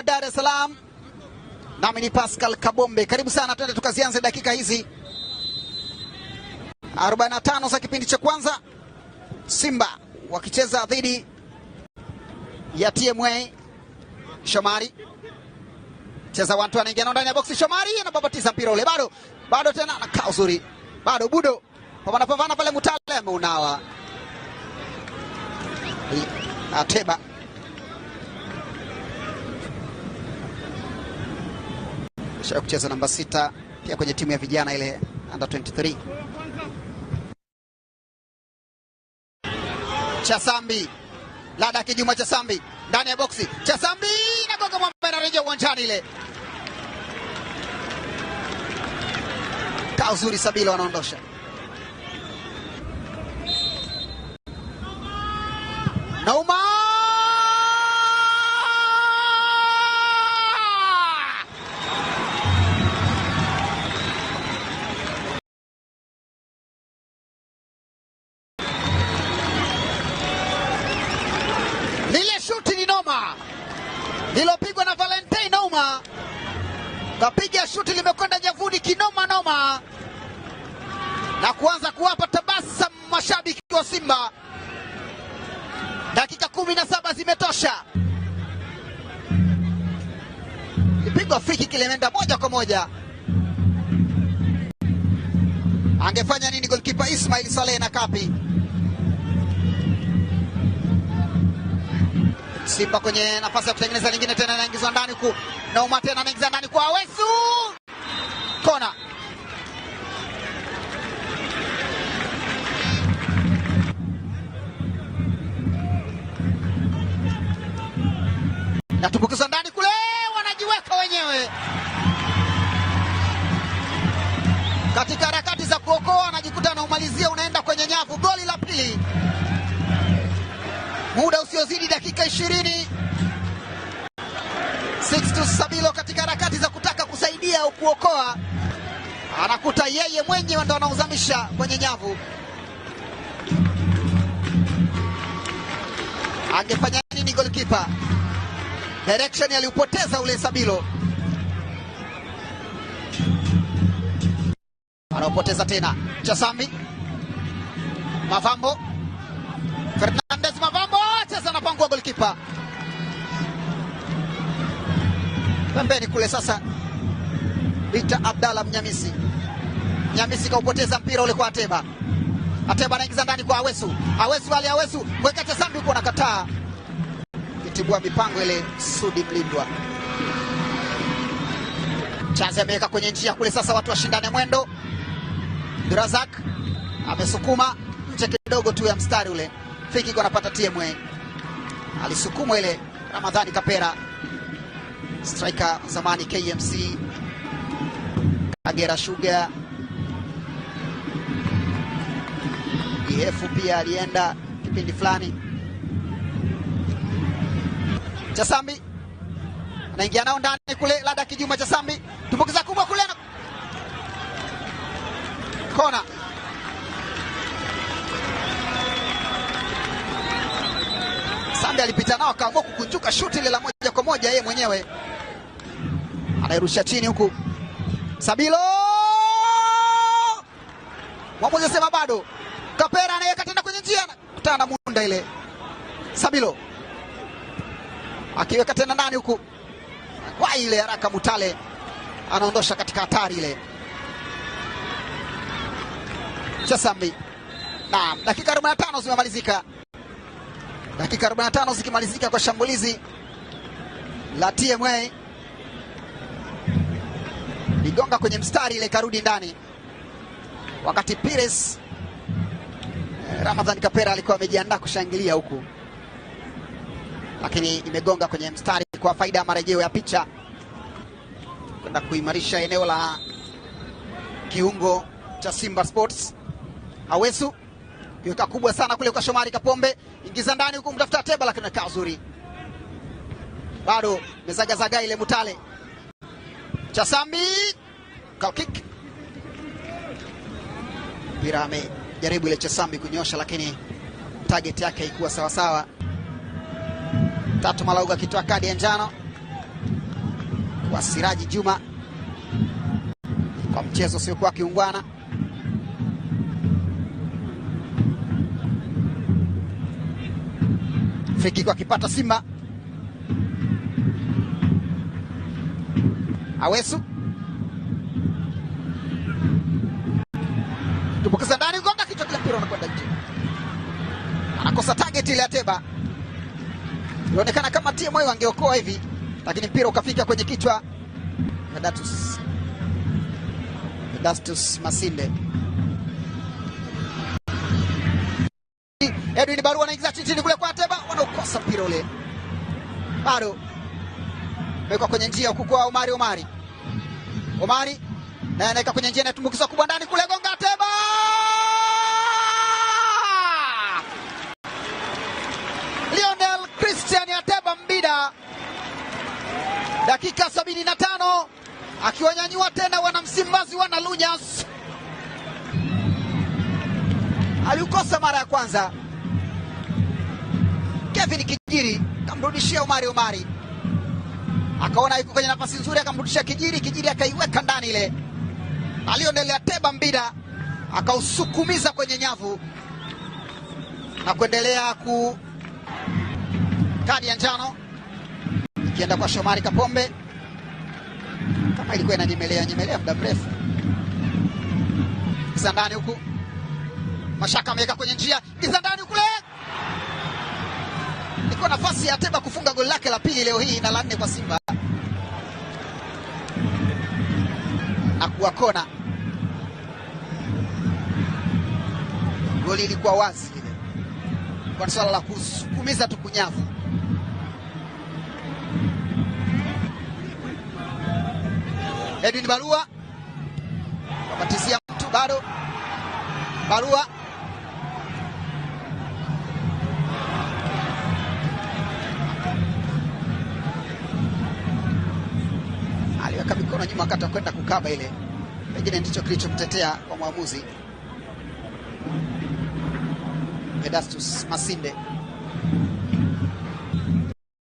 wa Dar es Salaam, nami ni Pascal Kabombe. Karibu sana, twende tukazianze dakika hizi 45 za kipindi cha kwanza, Simba wakicheza dhidi ya TMA. Shomari cheza watu, anaingia ndani ya boksi. Shomari anababatiza mpira ule, bado bado, tena anakaa uzuri, bado budo pambana pambana pale, Mutale ameunawa Ateba kucheza namba sita pia kwenye timu ya vijana ile under 23. Chasambi Lada kijuma Chasambi ndani ya boksi Chasambi na gogo mwamba anarejea uwanjani ile kaa uzuri Sabila wanaondosha Nauma kapiga shuti limekwenda nyavuni kinoma noma, na kuanza kuwapa tabasa mashabiki wa Simba. Dakika kumi na saba zimetosha. Kipigwa friki kileenda moja kwa moja. Angefanya nini goalkeeper Ismail Saleh na Kapi? Simba kwenye nafasi ya kutengeneza lingine tena, anaingizwa ndani huku Nauma, tena anaingiza ndani kwa Awesu, kona natumbukizwa ndani kule, wanajiweka wenyewe katika dakika 20 Sixtus Sabilo katika harakati za kutaka kusaidia au kuokoa, anakuta yeye mwenyewe ndo anauzamisha kwenye nyavu. Angefanya nini goalkeeper? Direction aliupoteza ule Sabilo, anaupoteza tena. Chasambi Mavambo, Fernandez Mavambo wa golikipa pembeni kule. Sasa Bita Abdalla Mnyamisi, Mnyamisi kaupoteza mpira ule kwa Ateba. Ateba anaingiza ndani kwa Awesu, Awesu ali Awesu sambi sanduku anakataa kitibua mipango ile. Sudi Mlindwa Chazi ameweka kwenye njia kule, sasa watu washindane mwendo. Durazak amesukuma mche kidogo tu ya mstari ule, Fikiko anapata TMA alisukumwa ile Ramadhani Kapera, striker zamani KMC Kagera Sugar, ihefu pia alienda kipindi fulani. Chasambi anaingia nao ndani kule, Lada Kijuma Chasambi tumbukiza kubwa kule na kona Mlinda alipita nao akaamua kukunjuka shuti ile la moja kwa moja yeye mwenyewe anairusha chini huku Sabilo mwamuzi sema bado. Kapera anaweka tena kwenye njia, anakutana na Munda ile. Sabilo akiweka tena ndani huku kwa ile haraka, Mutale anaondosha katika hatari ile. Chasambi. Naam, dakika 45 zimemalizika dakika 45 zikimalizika kwa shambulizi la TMA ligonga kwenye mstari ile ikarudi ndani, wakati Pires eh, Ramadhan Kapera alikuwa amejiandaa kushangilia huku, lakini imegonga kwenye mstari kwa faida ya marejeo ya picha kwenda kuimarisha eneo la kiungo cha Simba Sports Awesu. Piyota kubwa sana kule kwa Shomari Kapombe, ingiza ndani huko mtafuta teba, lakini akaa zuri, bado mezagazaga ile. Mutale Chasambi kick, mpira amejaribu ile Chasambi kunyosha, lakini target yake haikuwa sawasawa. Tatu Malauga akitoa kadi ya njano kwa Siraji Juma kwa mchezo usiokuwa kiungwana. kwa akipata Simba Awesu tumbukiza ndani, gonga kichwa kile, mpira unakwenda nje, anakosa target ile. Ateba ilionekana kama timu hiyo angeokoa hivi, lakini mpira ukafika kwenye kichwa Medatus, Medatus Masinde. Edwin Baru anaingiza chini chini kule kwa Ateba, wanaokosa mpira ule, bado amewekwa kwenye njia huku kwa Omari. Omari Omari naye anaweka kwenye njia, inatumbukizwa kubwa ndani kule, gonga Ateba Lionel Christian Ateba Mbida, dakika 75 akiwanyanyua tena wanamsimbazi wana Lunyas aliukosa mara ya kwanza, Kevin Kijiri kamrudishia Omari Omari akaona yuko kwenye nafasi nzuri, akamrudishia Kijiri. Kijiri akaiweka ndani ile, alionelea Teba Mbida akausukumiza kwenye nyavu na kuendelea ku kadi ya njano ikienda kwa Shomari Kapombe, kama ilikuwa inanyemelea nyemelea muda mrefu ndani huku, Mashaka ameweka kwenye njia, kiza ndani kule ilikuwa nafasi ya Ateba kufunga goli lake la pili leo hii na la nne kwa Simba. Akuwa kona, goli ilikuwa wazi lile, kwa swala la kusukumiza tu kunyavu. Edwin Barua abatizia mtu bado, Barua akaweka mikono nyuma wakati kwenda kukaba ile, pengine ndicho kilichomtetea kwa mwamuzi Pedastus Masinde.